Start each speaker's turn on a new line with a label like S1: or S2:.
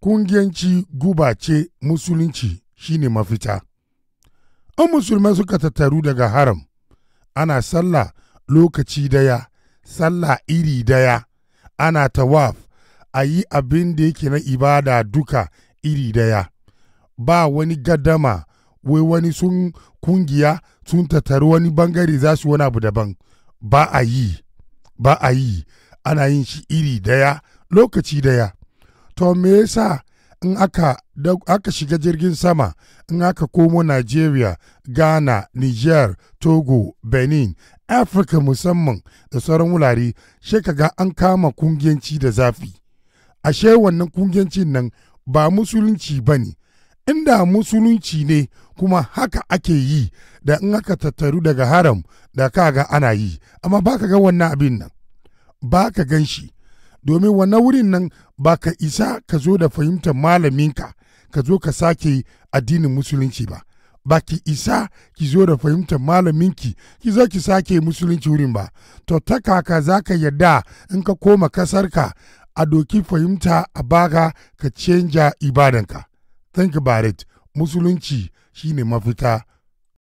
S1: kungiyanci guba ce musulunci shine mafita. An musulmai suka tattaru daga haram, ana sallah lokaci daya, sallah iri daya, ana tawaf, a yi abin da yake na ibada duka iri daya. Ba wani gadama, wai wani sun kungiya sun tattaru wani bangare za su wani abu daban. Ba a yi, ba a yi, ana yin shi iri daya, lokaci daya. to me yasa in aka shiga jirgin sama in aka komo Nigeria, Ghana, Niger, Togo, Benin, Africa musamman da sauran wulare sai kaga an kama kungiyanci da zafi. Ashe wannan kungiyancin nan ba musulunci ba ne, inda musulunci ne kuma haka ake yi da in aka tattaru daga haram da kaga ana yi, amma ba ka ga wannan abin nan, ba ka gan shi. domin wannan wurin nan ba ka isa ka zo da fahimtar malaminka ka zo ka sake addinin musulunci ba ba ki isa ki zo da fahimtar malaminki ki zo ki sake musulunci wurin ba to ta kaka za ka yadda in ka koma kasarka a doki fahimta a baka ka canja ibadanka think about musulunci shine mafita